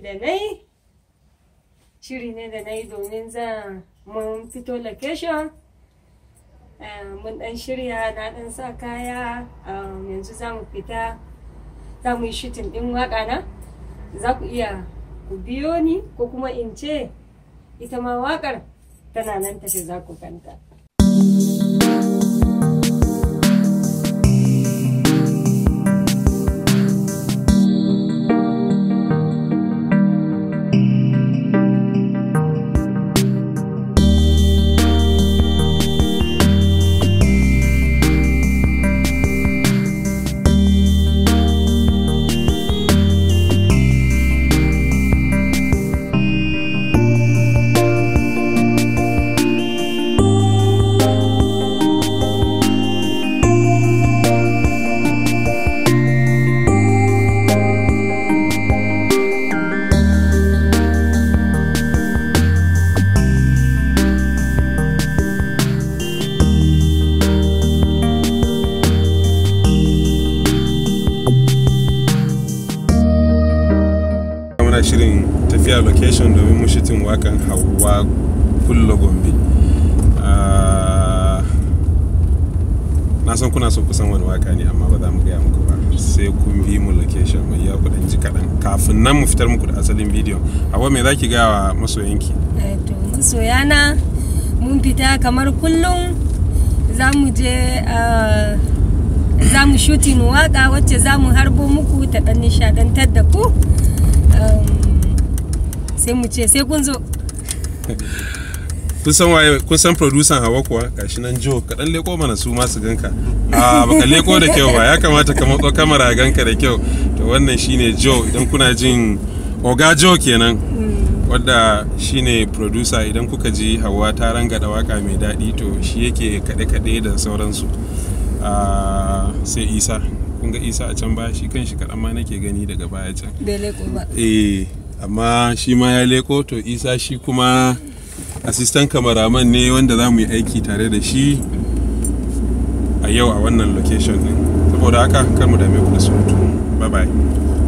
shiri da na shiri ne da na domin zan mun fito location eh, mun ɗan shirya na ɗan sa kaya eh, yanzu za mu fita za mu yi shitin ɗin waka na za ku iya ku biyo ni ko kuma in ce ita ma wakar tana nan tafi za ku kanta muna shirin tafiya location domin mu shitin wakan hawa kullo gombe ah, na san kuna so kusan wani waka ne amma ba za mu gaya muku ba sai kun bi mu location mai yawa kudin ji kaɗan kafin nan mu fitar muku da asalin bidiyon hawa me za ki gaya wa masoyanki eh, masoyana mun fita kamar kullum za mu je ah, za mu shutin waka wacce za mu harbo muku ta ɗan nishaɗantar da ku sai mu ce sai kun zo kun san waye kun san producer hawa kuwa gashi nan jo ka dan leko mana su ma su ganka a baka leko da kyau ba ya kamata ka matso kamera ganka da kyau to wannan shine jo idan kuna jin oga jo kenan mm. wadda shine producer idan kuka ji hawa ta ranga da waka mai daɗi to shi yake kaɗe-kaɗe da sauransu sai isa kun ga isa a can baya shi kanshi kaɗan ma nake gani daga baya can eh amma shi ma ya leko to isa shi kuma asistan kamaraman ne wanda za mu yi aiki tare da shi a yau a wannan location ɗin saboda haka kar mu dame ku da surutu bye bye